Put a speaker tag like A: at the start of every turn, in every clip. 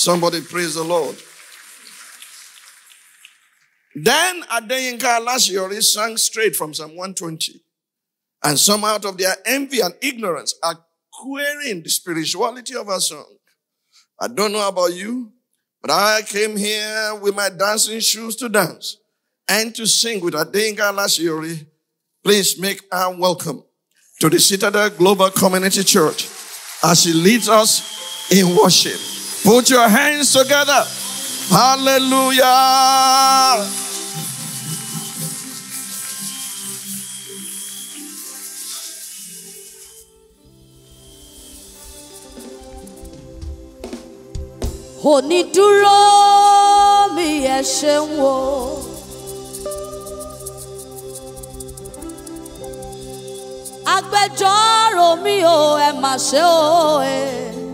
A: Somebody praise the Lord. Then Adeyinka Alashiori sang straight from Psalm 120. And some out of their envy and ignorance are querying the spirituality of our song. I don't know about you, but I came here with my dancing shoes to dance and to sing with Adeyinka Alashiori. Please make her welcome to the Citadel Global Community Church as she leads us in worship. Put your hands together. Hallelujah. Honi duro mi ẹ ṣe agbẹjọ́rò mi ò ẹ mà ṣe òye.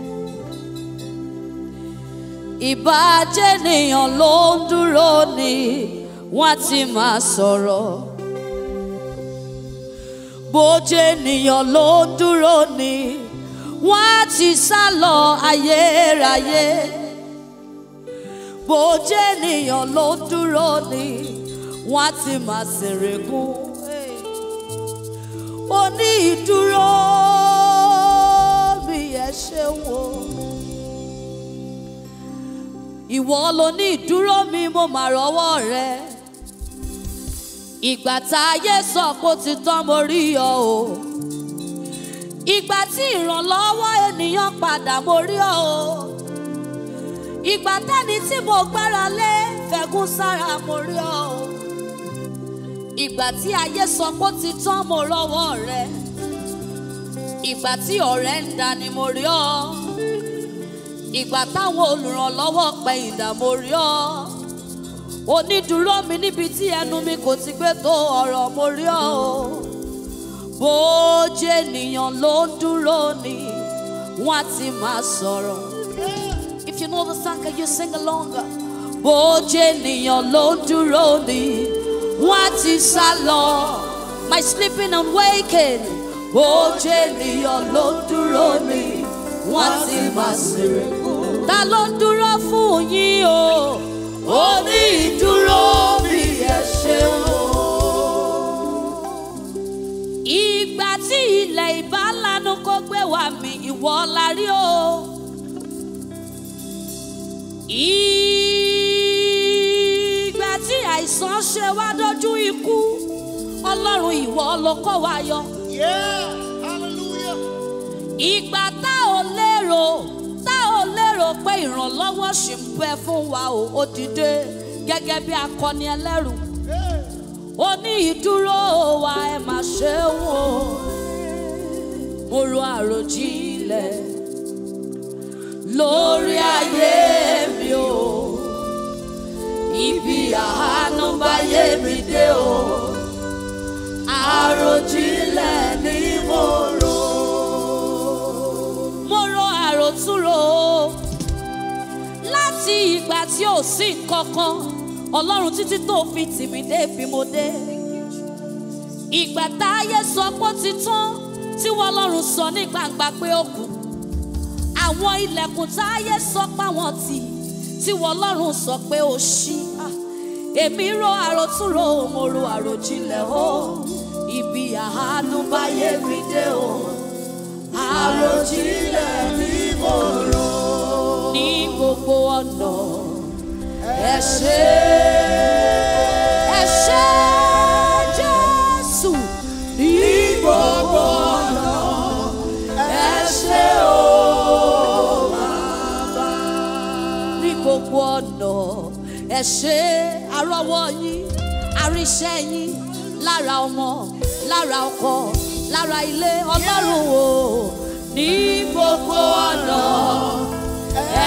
A: ìbàjẹ́ nìyàn ló ń dúró ni wọ́n ti máa sọ̀rọ̀ bójẹ́ nìyàn ló ń dúró ni wọ́n ti sá lọ ayérayé bójẹ́ nìyàn ló ń dúró ni wọ́n ti máa ṣèrègùn oní ìdúró mi ẹ ṣe wò ìwọ ló ní ìdúró mi mo mà rọ́wọ́ rẹ ìgbà tá ayé sọ pé ó ti tán mo rí ọ o ìgbà tí ìrànlọ́wọ́ ènìyàn padà mo rí ọ o ìgbà tẹ́ni tí mo gbára lé fẹ̀gún sára mo rí ọ o ìgbà tí ayé sọ pé ti tán mo rọ́wọ́ rẹ ìgbà tí ọ̀rẹ́ ń dání mo rí ọ. ìgbà táwọn olùrànlọ́wọ́ pẹ ìdààmú orí ọ onídùúró mi níbi tí ẹnu mi kò ti gbé tó ọ̀rọ̀ mo rí ọ o bó jẹ́ ènìyàn ló ń dúró ni wọ́n á ti máa sọ̀rọ̀. if you know the song can you sing along. bó jẹ́ ènìyàn ló ń dúró ni wọ́n á ti sá lọ. my sleeping and waking. bó jẹ́ ènìyàn ló ń dúró ni wọ́n á ti máa sèrè. ta ló ń dúró fún yín o oní ìdúró mi ẹ ṣeun o. ìgbà tí ilẹ̀ ìbá lanu gbé wá mi ìwọ la rí o. ìgbà tí àìsàn ṣe wá dojú ikú ọlọ́run ìwọ ló wa yọ. Yeah, hallelujah. ìgbà tá ò lérò lérò pé ìrànlọ́wọ́ ṣì ń bẹ fún wa o ó dìde gẹ́gẹ́ bí akọni ẹlẹ́rù ó ní ìdúró wa ẹ má ṣe wò mo ro àròjinlẹ̀ lórí ayé mi o ibi àánú bá yé mi dé o àròjinlẹ̀
B: ni mo rò
A: mo ro àròtúrò láti ìgbà tí ò sí kankan ọlọ́run títí tó fi tì mí dé fi mo dé ìgbà táyé sọ pé ó ti tán tí wọ́n ọlọ́run sọ ní gbangba pé ó kù àwọn ilẹ̀kùn táyé sọ páwọn tì tí wọ́n ọlọ́run sọ pé ó ṣí ah, èmi ro àròtúnrò mo ro àròjinlẹ̀ o ibi àánú báyé mi dé o àròjinlẹ̀ mi mo rò ní gbogbo ọ̀nà ẹ ṣé ẹ
B: ṣé Jésù ní gbogbo ọ̀nà ẹ ṣé o bàbá
A: ní gbogbo ọ̀nà ẹ ṣé arọ́wọ́ yín àríṣẹ́ yín lára ọmọ lára ọkọ lára ilé ọlọ́run o ní gbogbo ọ̀nà ẹ.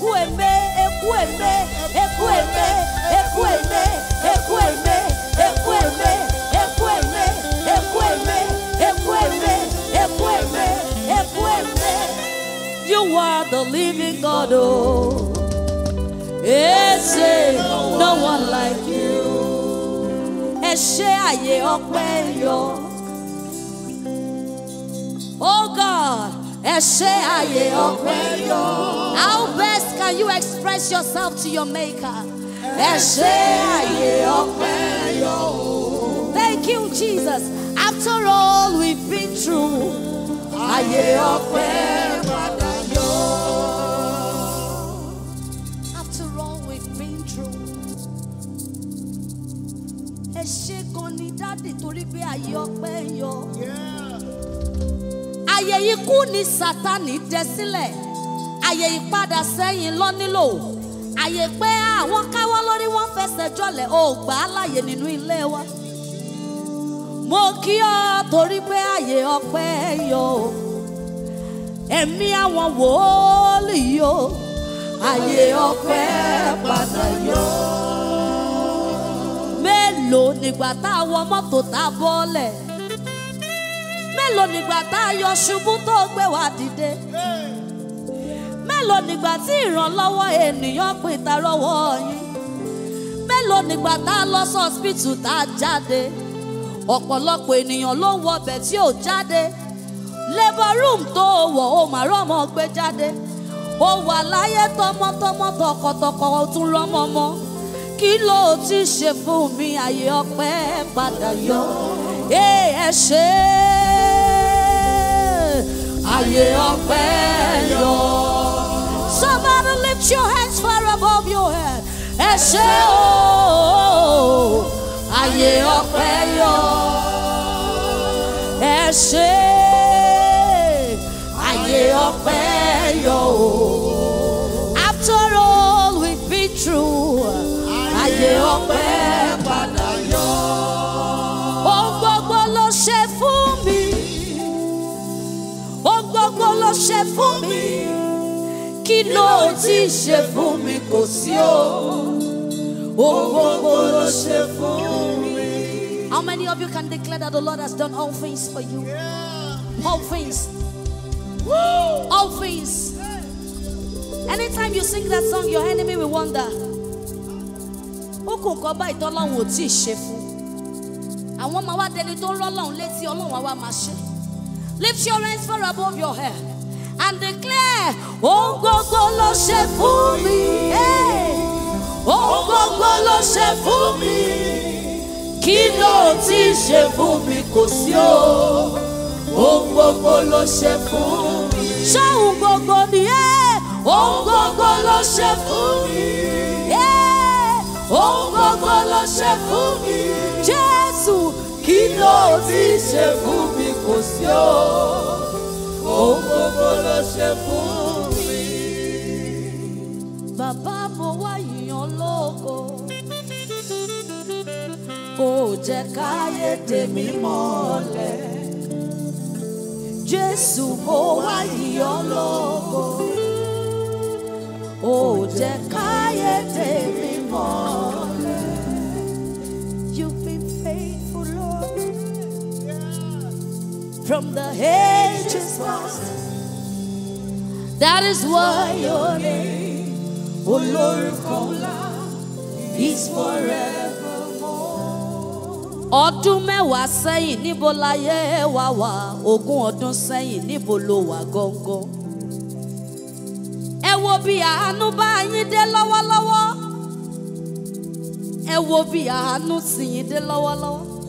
A: you are the living god oh yes no one like you ẹ ṣe àyè ọpẹ́ yọ. How best can you express yourself to your Maker? Thank you, Jesus. After all we've been through.
B: After
A: all we've been through. Ẹ ṣe gan ni dáàdì torí pé ayé ọpẹ́ yọ. Yeah. àyè ikú ni Sátánì dẹ sílẹ̀ àyè ìpadà sẹ́yìn lọ nílò àyè pé àwọn káwọ́ lórí wọn fẹsẹ̀ jọlẹ̀ ò gbà á láàyè nínú ilé wa mo kí ọ torí pé àyè ọpẹ́ yọ ẹ̀mí àwọn wòólì yọ àyè ọpẹ́ padà yọ. mélòó nígbà tá a wọ mọ́tò tá a bọ́lẹ̀ mélòó nígbà tá a yọ ṣubú tó gbé wa dìde mélòó nígbà tí ìrànlọ́wọ́ ènìyàn pè ta rọ́wọ́ yín mélòó nígbà tá a lọ sọ́spítù tá a jáde ọ̀pọ̀lọpọ̀ ènìyàn ló ń wọbẹ̀ tí ò jáde labour room tó wọ̀ ó mà rọ́mọ gbé jáde ó wà láyé tọmọtọmọ tọkọtọkọ o tún rọ́mọ mọ́ kí ló ti ṣe fún mi àyè ọpẹ́ padà yọ ẹ ẹ ṣe é.
B: yẹ ọpẹ́
A: Somebody lift your hands far above your head. Ẹ ṣé o,
B: ayé ọpẹ́ yọ.
A: Ẹ ṣé. ṣe fún ti ṣe
B: fún mi kò
A: How many of you can declare that the Lord has done all things for you? Yeah. All things. Woo. All things. Anytime you sing that song, your enemy will wonder. Ó kò kọ́ báyìí tí ì Àwọn ọmọ wa dẹni tó ń rọ́lọ́run létí Ọlọ́run àwa máa ṣe. Lift your hands far above your head. and declare, ohun gbogbo ló ṣe fún mi. Ohun gbogbo ló ṣe fún mi. Kí ló ti ṣe fún mi kò sí o? Ohun gbogbo ló ṣe fún mi. Ṣé ohun ni ẹ́? Ohun gbogbo ṣe fún mi. Ohun gbogbo ṣe fún mi.
B: Jésù. Kí ló ti ṣe fún mi kò sí o? ohun gbogbo ló ṣe fún mi. bàbá mo wá yìnyín lógo
A: kò jẹ́ káyé tèmi mọ́lẹ̀ jésù mo wá yìnyín lógo kò jẹ́ káyé tèmi mọ́lẹ̀. from the ages past. That is why your name, O Lord of Kola, is forevermore. Ọdún mẹ́wàá sẹ́yìn níbo láyé ẹ wá wà, ogún ọdún sẹ́yìn níbo ló wà gọ́ngọ́. Ẹ wo bí àánú bá yín dé lọ́wọ́lọ́wọ́. Ẹ wo bí àánú sì yín dé lọ́wọ́lọ́wọ́.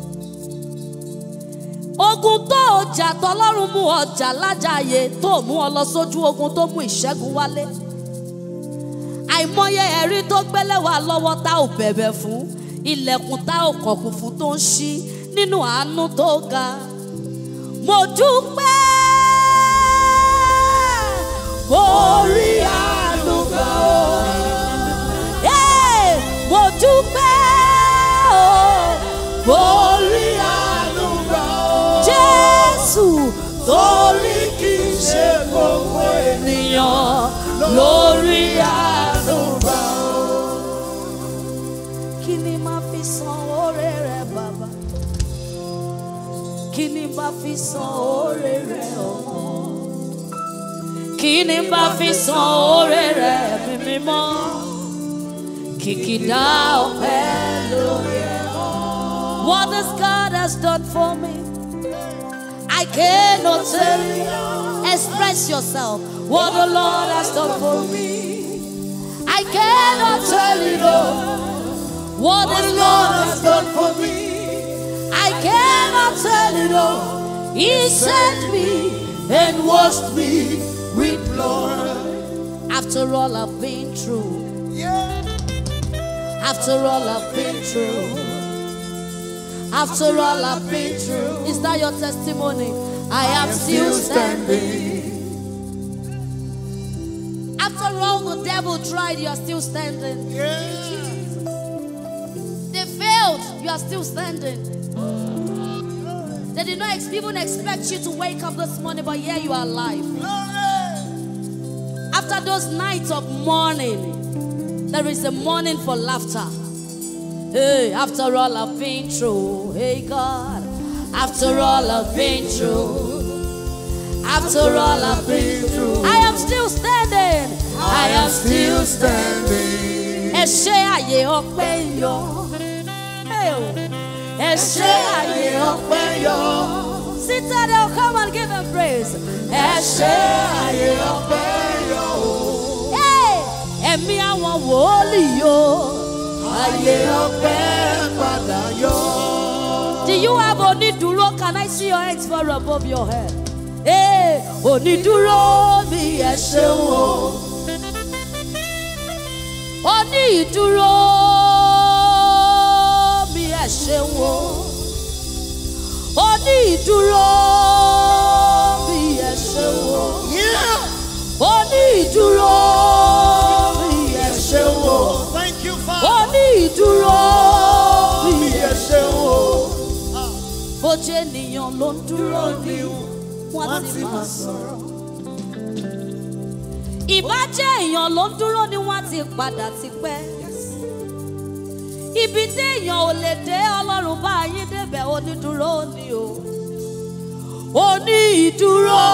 A: ogun tó ọjà tọlọ́run mú ọjà lájàyè tó mú ọ lọ sójú ogun tó mú ìṣẹ́gun wálé àìmọye ẹ̀rí tó gbélé wa lọ́wọ́ tá ò bẹ̀bẹ̀ fún ilẹ̀kùn tá ò kọ̀kùn fún tó ń ṣí nínú àánú tó ga mo dúpẹ́ orí àánú mo dúpẹ́ o. torí
B: kì í ṣe gbogbo ènìyàn lórí àdúrà
A: kí ni máa fi san oore rẹ bàbá kí ni máa fi san oore rẹ ọmọ
B: kí ni máa fi san oore rẹ
A: ẹ̀mí mímọ́ kìkìdá
B: ọpẹ́ lórí
A: ẹ̀. What this God has done for me. I cannot tell. you. Express yourself. What the Lord has done
B: for me.
A: I cannot tell you, Lord. What the Lord has done for me. I cannot tell you, Lord. He sent me
B: and washed me with glory.
A: After all I've been through. After all I've
B: been through.
A: After all I've been through, is that your testimony? I, I am, still
B: standing.
A: After all the devil tried, you are still standing. Yeah. They failed, you are still standing. They did not even expect you to wake up this morning, but here you are alive. After those nights of mourning, there is a morning for laughter. Hey, after all I've been through, hey God, after all I've been through, after all I've been through, I am still standing. I am still standing. Ẹ ṣé àyè ọpẹ́ yọ. Oh. Ẹ ṣé àyè ọpẹ́ yọ. Sit down, oh, come and give him praise.
B: Ẹ ṣé àyè ọpẹ́ yọ.
A: Ẹ̀mí àwọn wòlíì yóò. Oh. Do you have onídùúró? Can I see your hands far above your head? Hey, onídùúró mi ẹ ṣeun o. Onídùúró mi ẹ ṣeun o. Onídùúró mi ẹ ṣeun o. Onídùúró. ogójì ènìyàn ló ń
B: dúró ní
A: wọ́n ti máa sọ̀rọ̀. ìbájẹ́ èèyàn ló ń dúró ní wọ́n ti padà tipẹ́. ibi téèyàn ò lè dé ọlọ́run bá yín débẹ̀ onídùúró ni o. oní ìdúró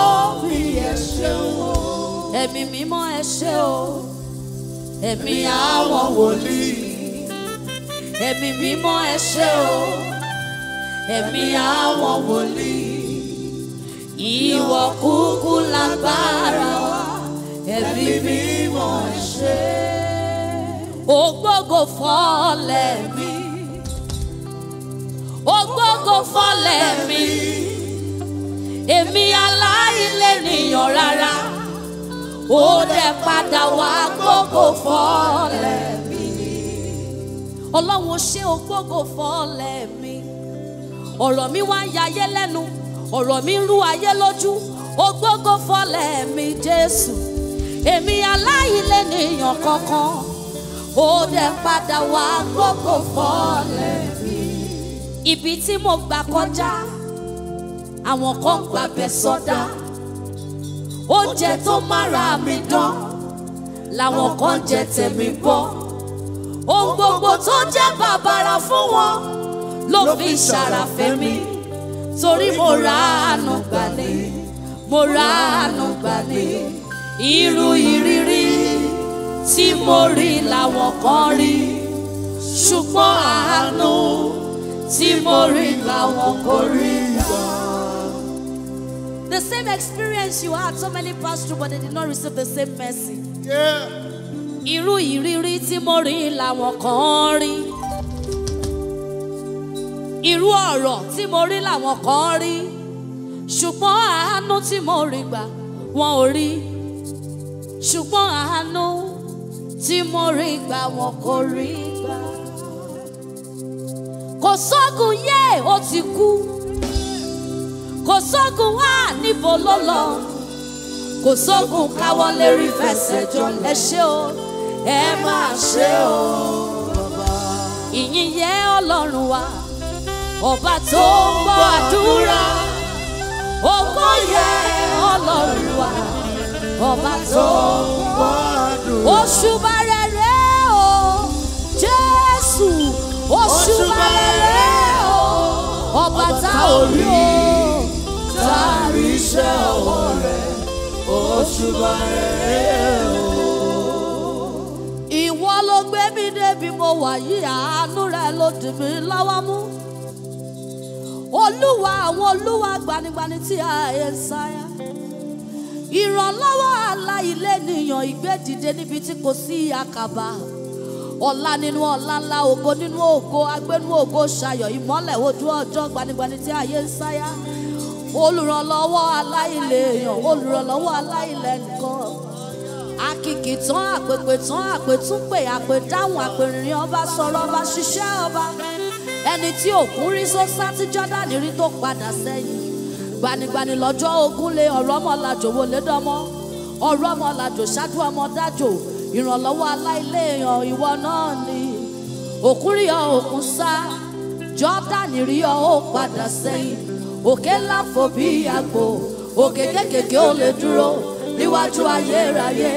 A: mi ẹ ṣé o. ẹ̀mí mímọ́ ẹ ṣé o. ẹ̀mí àwọn wòlíì. ẹ̀mí mímọ́ ẹ ṣé o ẹ̀mí àwọn wòlíì ìwọ kúkú lágbára wa ẹ̀mí mímọ́ ṣe. ògbógo fọlẹ̀ mi ògbógo fọlẹ̀ mi èmi aláìlẹ́nìyàn rárá ó dẹ̀ padà wá gbógo fọlẹ̀ mi ọlọ́run ṣé ògbógo fọlẹ̀ mi ọ̀rọ̀ mi wá ń yayé lẹ́nu ọ̀rọ̀ mi ń rú ayé lójú ògbógo fọlẹ̀ mi Jésù èmi aláìlénìyàn kankan ó dẹ̀ padà wá gbógo fọlẹ̀ mi. ibi tí mo gbà kọjá àwọn kan gbàbẹ̀ sọdá oúnjẹ tó mára mi dán làwọn kan jẹ tèmi bọ́ ohun gbogbo tó jẹ́ bàbàrà fún wọn ló fi ṣàràfẹ́ torí mo ra àánú gbà mo ra àánú gbà irú ìrírí tí mo rí làwọn kan rí ṣùgbọ́n àánú tí mo rí làwọn kò rí The same experience you had, so many passed through, but they did not receive the same mercy. Yeah. Irú ìrírí tí mo rí làwọn kan rí irú ọ̀rọ̀ tí mo rí làwọn kan rí ṣùgbọ́n àánú tí mo rí gbà wọn ò rí ṣùgbọ́n àánú tí mo rí gbà wọn kò rí gbà. kò sógun yé ó ti kú kò sógun wá níbo ló lọ kò sógun káwọ́ lérí fẹsẹ̀ jọ ẹ ṣé o ẹ máa ṣe o ìyìn yẹ Ọlọ́run wa ọba tó ń gbọ́ àdúrà ògo yẹ ọlọ́run wa ọba tó
B: ń gbọ́ àdúrà
A: òṣùbà rere o jésù òṣùbà rere
B: o ọba tá ò rí o tá a rí iṣẹ́ ọwọ́ rẹ̀ òṣùbà rere o.
A: ìwọ ló gbé mi débi mo wà yìí àánú rẹ ló dì mí lọ́wọ́ mú olúwa àwọn olúwa gbanigbani tí a ẹ̀ ń sáyà ìrànlọ́wọ́ aláìlẹ́nìyàn ìgbédìde níbi tí kò sí àkàbà ọ̀la nínú ọ̀la ńlá ògo nínú ògo agbénú ògo ṣayọ̀ ìmọ́lẹ̀ ojú ọjọ́ gbanigbani tí ayé ń sáyà olùrànlọ́wọ́ aláìlẹ́yàn olùrànlọ́wọ́ aláìlẹ́nìkan akìkì tán àpèpè tán àpètúnpè àpèdáhùn àpèrìnrìn ọba sọ̀rọ̀ ọba ṣiṣẹ́ ọba ẹni tí òkun rí só sá tí Jọ́dánì rí tó padà sẹ́yìn gbanigbani lọ́jọ́ ogun lé ọ̀rọ̀ ọmọlàjò wọlé dánmọ́ ọ̀rọ̀ ọmọlàjò ṣáájú ọmọ dájò ìrànlọ́wọ́ aláìléèyàn ìwọ náà ni òkun rí ọ òkun sá Jọ́dánì rí ọ ó padà sẹ́yìn òkè ńlá fò bí àgbò òkè kékèké ó lè dúró
B: níwájú ayérayé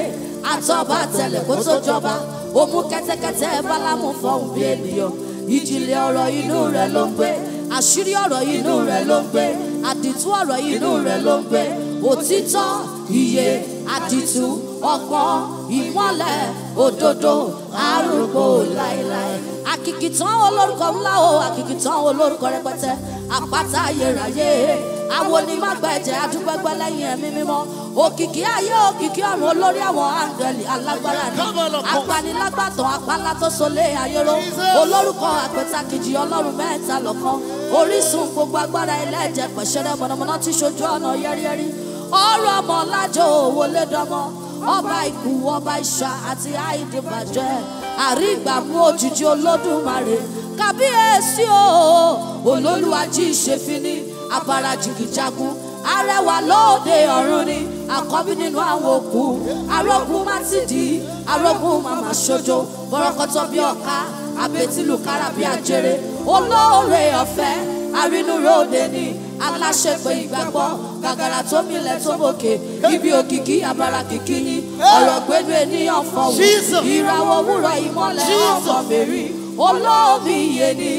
A: àtọ́ba tẹ̀lé kó tó jọba ó mú kẹ́tẹ́kẹ́tẹ́ bálámù fọ́hùn bí ènìyàn ìjìnlẹ̀ ọ̀rọ̀ inú rẹ̀ ló ń gbé àṣírí ọ̀rọ̀ inú rẹ̀ ló ń gbé àdìtú ọ̀rọ̀ inú rẹ̀ ló ń gbé òtítọ́ iye àdìtú ọgbọ́n ìmọ́lẹ̀ òdodo arúgbó láéláé àkìkìtàn olórúkọ ńlá o àkìkìtàn olórúkọ rẹpẹtẹ àpáta ayérayé àwọn onímọ̀gbẹ̀jẹ̀ adúgbẹ́gbẹ́ lẹ́yìn ẹ̀mí mímọ́ òkìkí ayé òkìkí ọ̀run olórí àwọn áńgẹ́lì alágbára ni apanilágbàtàn apálá tó solé ayéró olórúkọ àpẹtakìjì ọlọ́run mẹ́ta lọ́kan orísun gbogbo agbára ẹlẹ́jẹ̀ pẹ̀ṣẹ̀rẹ̀ mọ̀nàmọ́ná tí ṣojú ọ̀nà yẹ́rìyẹ́rì ọ̀rọ̀ ọmọ ọ̀làjọ òwò lédọ́mọ́ ọba ikú ọba ìṣà àti àìdìbàjẹ́ àrígbàmú òjijì olódùmarè kábíyèsí o olólùwàjì ìṣèfini àbárajìgìjagun arẹwà lóde ọ̀run ni àkọ́bí nínú àwọn òkú arógun má ti dì í arógun màmá ṣojo bọ́rọ́kọ́tọ́ bí ọ̀ka àbẹ̀tìlù kára bí ajere olóore ọ̀fẹ́ arínúróde ni aláṣepé ìgbàgbọ́ gàgàrà tó milẹ̀ tó mòkè ibi òkìkí àbàrà kìkì ni ọ̀rọ̀ gbẹ́nu ènìyàn fọ̀wọ̀ ìràwọ̀ òwúrọ̀ ìmọ́lẹ̀ ọ̀fọ̀ mèrí olóòbí iye ni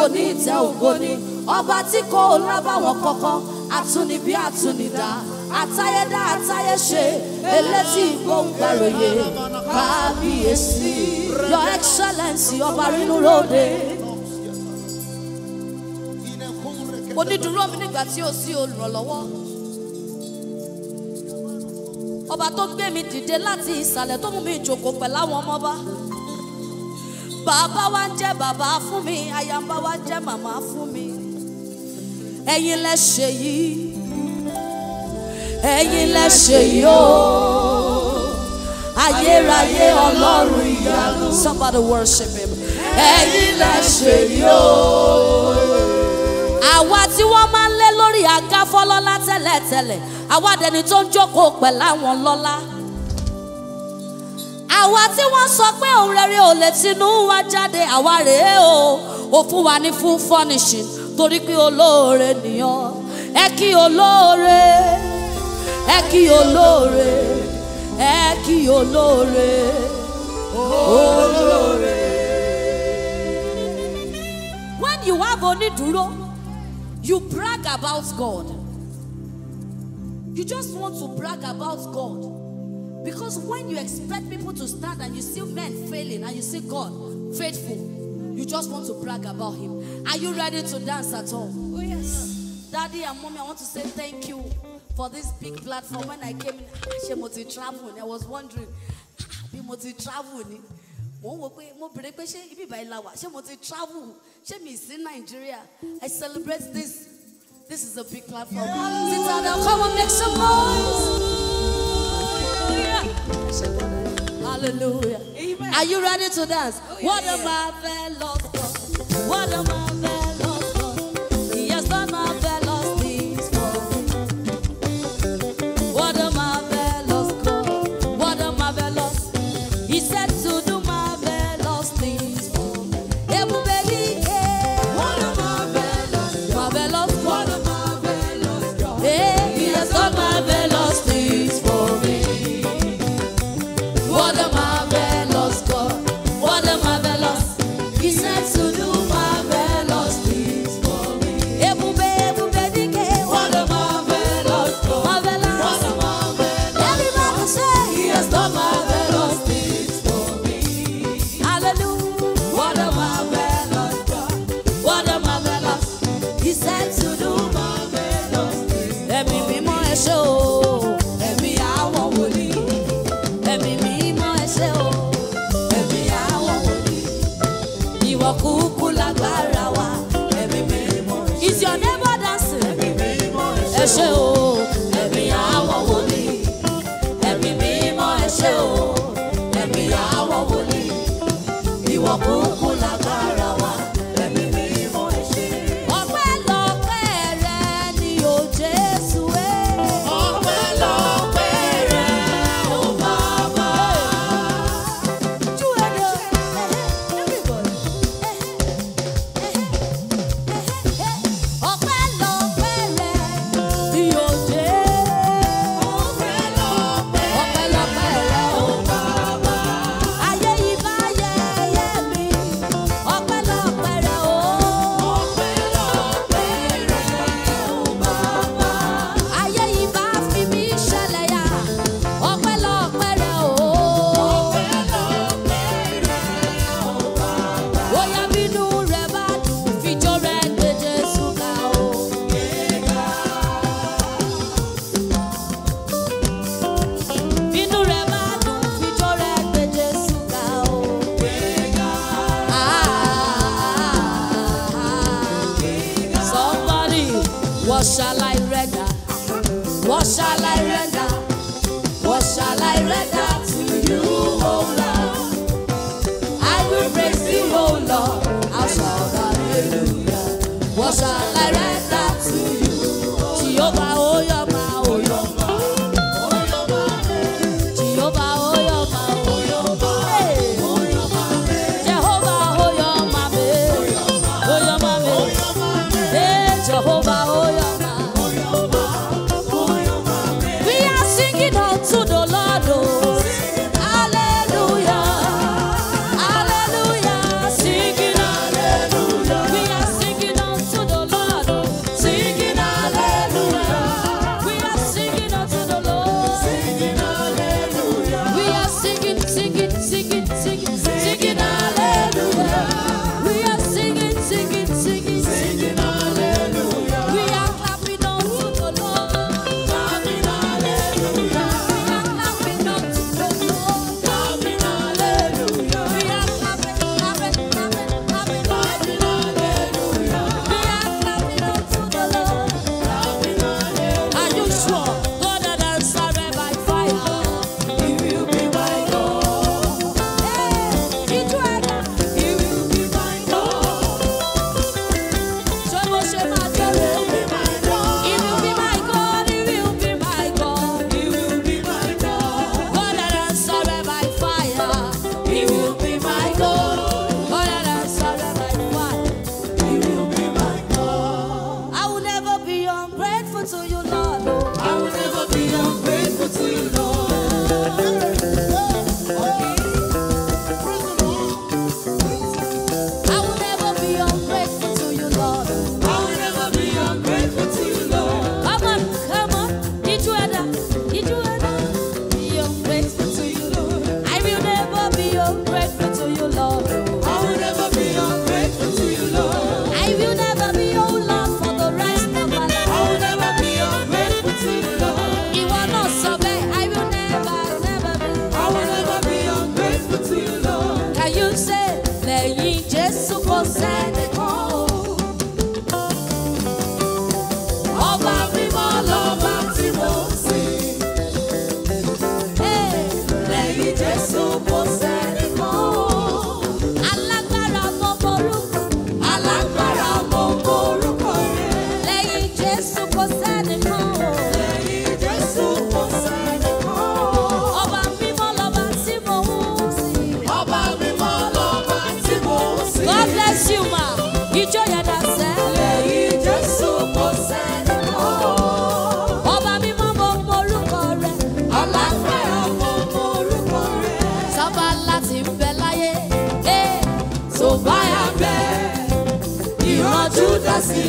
A: oní ìtẹ́ ògo ni ọba tí kò lábàwọ̀n kankan àtúnibí àtúnidá àtayédá àtayéṣe elétí ìgbóhùngbàròyè kábíyèsí your excellency ọba rínú lóde. onídùúró mi nígbà tí ò sí olùrànlọ́wọ́ ọba tó gbé mi dìde láti ìsàlẹ̀ tó mú mi jókòó pẹ̀láwọn ọmọba bàbá wa ń jẹ́ bàbá fún mi àyàmbá wa ń jẹ́ màmá fún mi ẹ̀yin lẹ ṣe yìí ẹ̀yin lẹ ṣe yìí o
B: ayérayé ọlọ́run
A: ìyanu somebody worship him ẹ̀yin lẹ ṣe yìí
B: o
A: àwa tí wọ́n máa ń lé lórí àga fọlọ́lá tẹ́lẹ̀tẹ́lẹ̀ àwa dẹni tó ń jókòó pẹ̀lú àwọn lọ́lá àwa tí wọ́n sọ pé òun rere ò lè tinú wa jáde àwa rèé o ò fún wa ní fún fọ́nìṣì torí pé olóore nìyàn ẹ kí olóore ẹ kí olóore ẹ kí olóore
B: olóore.
A: when you have onídùúró. You brag about God. You just want to brag about God. Because when you expect people to stand and you see men failing and you see God faithful, you just want to brag about Him. Are you ready to dance at all? Oh, yes. Daddy and mommy, I want to say thank you for this big platform. When I came in, I was wondering, ah, multi-traveling travel Nigeria I celebrate this this is a big clap for me sister now come on make some noise hallelujah are you ready to dance oh, what am I fell love what am I fell veio há pouco What shall I render? What shall I render
B: to you, O Lord?
A: I will praise O Lord. hallelujah. What shall I render?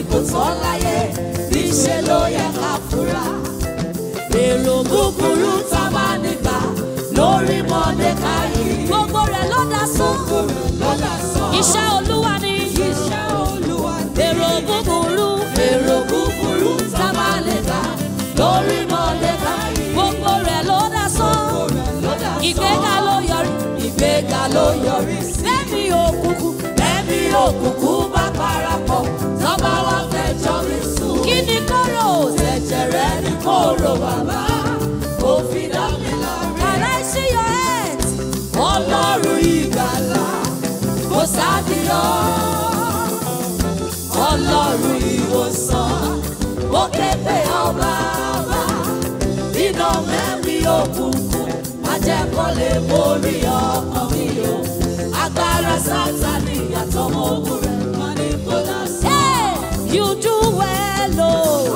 A: kò ye, láyé níṣẹ́ ló yẹ ká fura Lord bàbá kò fi dá mi láre. Aláìsí yọ ẹ̀t. Ọlọ́run ìgbàlà
B: kò sádìyọ. Ọlọ́run ìwòsàn ó ké pè ọ́ bàbá. Iná mẹ́rí òkùnkùn
A: má jẹ́ kó lè
B: borí ọkàn mi o. Agbára
A: Sátánì àtọmọ ogun rẹ̀ wọ́n ní kó dá sí. You do well o. Oh.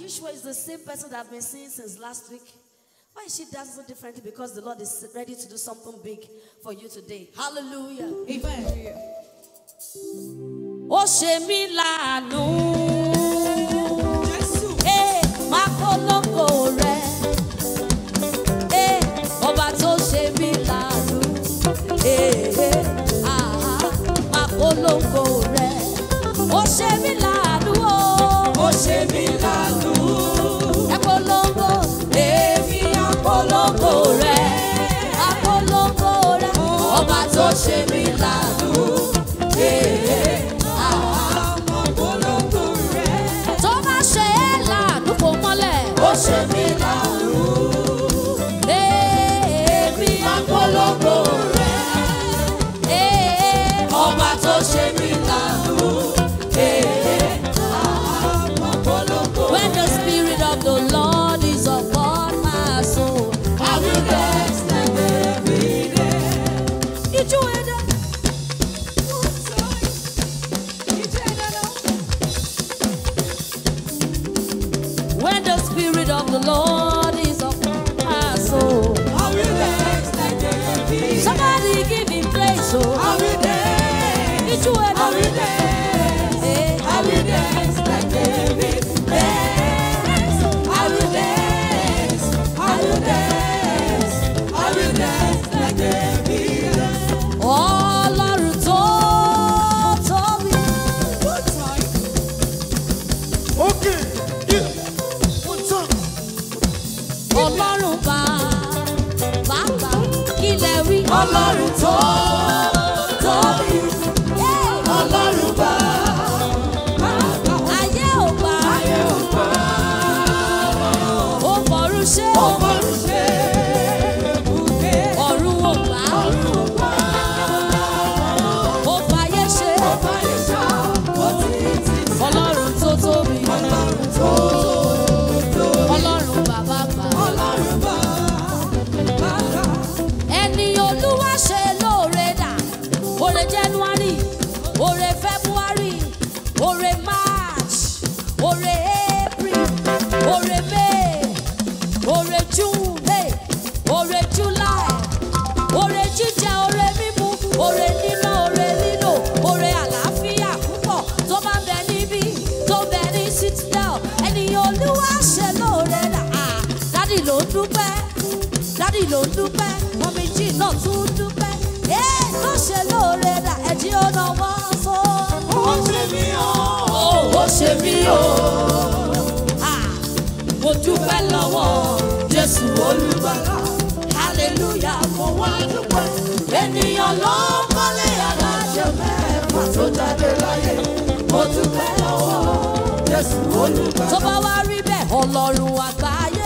A: you sure it's the same person that I've been seeing since last week? Why is she dancing so differently? Because the Lord is ready to do something big for you today. Hallelujah. Amen. Ó ṣe mí láàánú. Ẹ eh, máa polongo rẹ̀. Ẹ eh, ọba tó ṣe mí láàánú. Ẹ eh, máa polongo rẹ̀. Ó ṣe mí láàánú o. se mi laaanu oba to dádì ló dúpẹ́ mọ́míjì náà tún dúpẹ́ ee tó ṣe lóore rà ẹ̀jí ó nà wọ́n
B: ó ṣe mí o ó ṣe mí o
A: mo dúpẹ́ lọ́wọ́ Jésù olùgbàlà hallelujah mo wá dúpẹ́
B: ènìyàn ló
A: kọ́lé aláṣẹ mẹ́fà
B: tó jáde láyé mo dúpẹ́ lọ́wọ́ Jésù olùgbàlà. tó bá
A: wá rí bẹ́ẹ̀ ọlọ́run àgbáyé.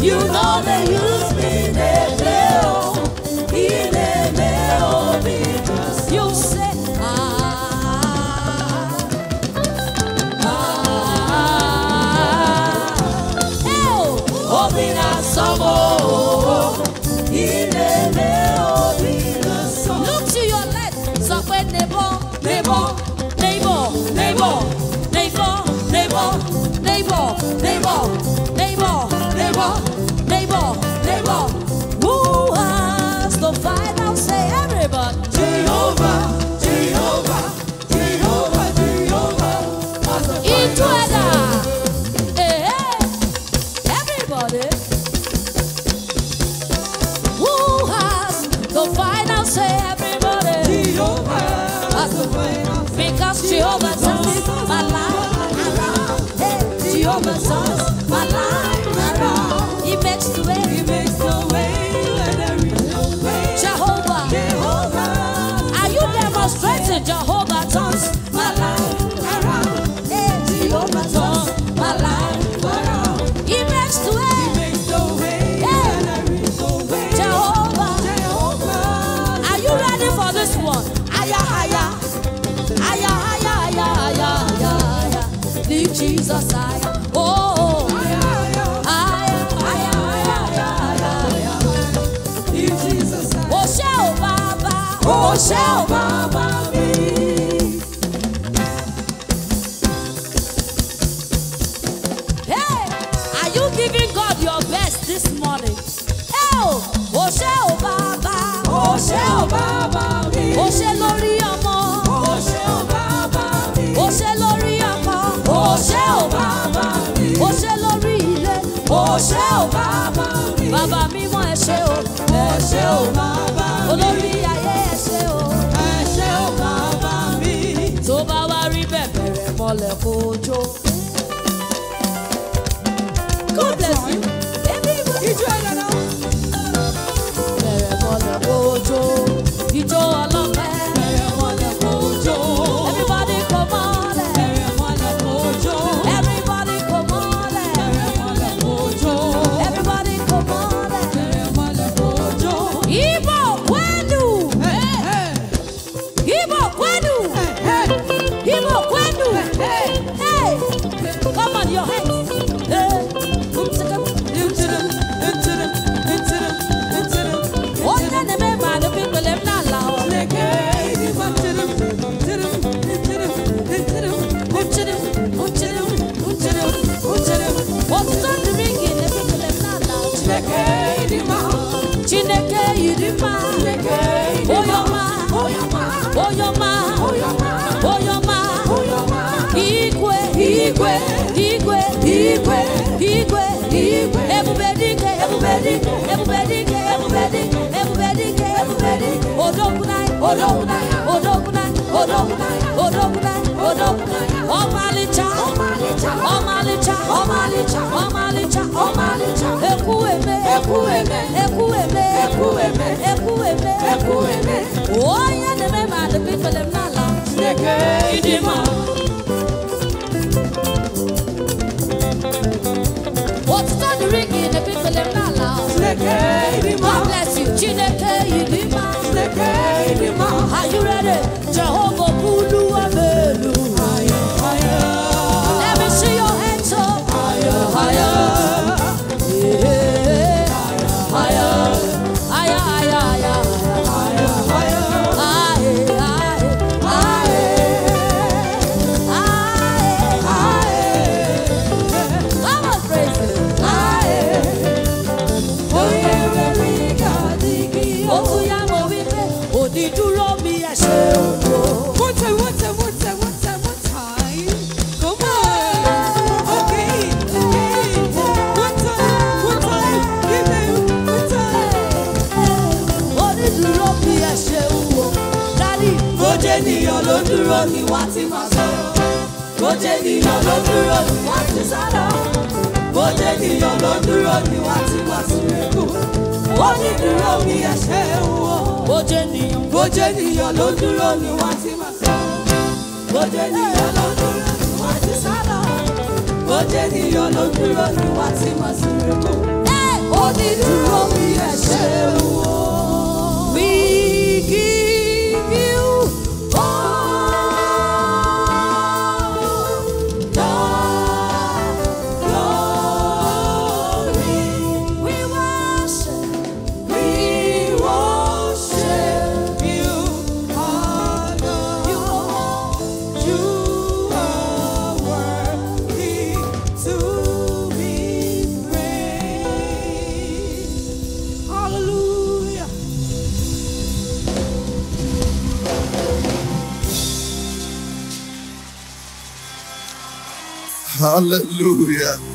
A: You know that use neighbor, neighbor, neighbor, neighbor. Who say? Everybody. Jehovah,
B: Jehovah, Jehovah, Jehovah. Hey,
A: hey. say? Everybody. Jehovah Because Jehovah hey, Jehovah everybody, everybody, everybody, everybody, everybody, Odokunai, Odokunai, Odokunai, Odokunai, Odokunai, Odokunai, Omalicha, Omalicha, Omalicha, Omalicha, Omalicha, Omalicha, Ekueme,
B: Ekueme, Ekueme, Ekueme,
A: Ekueme, Ekueme, Oya, the man, the people, the Nala, Snake, Idima. God bless you. Chineke Idima.
B: Chineke Idima. Are you ready?
A: Jehovah.
B: jẹ́ ènìyàn ló dúró ni wá ti máa sọ. bó jẹ́ ènìyàn ló dúró ni wá ti sá lọ. bó jẹ́ ènìyàn ló dúró ni wá ti máa sùúrù kù. ó ní dúró mi ẹ̀ṣẹ̀ wò.
A: bó jẹ́ ènìyàn
B: bó jẹ́ ènìyàn ló dúró ni wá ti máa sọ. bó jẹ́ ènìyàn ló dúró ni wá ti sá bó jẹ́ ló dúró ni wá ti máa sùúrù kù.
A: ní dúró mi
B: ẹ̀ṣẹ̀ wò. Hallelujah.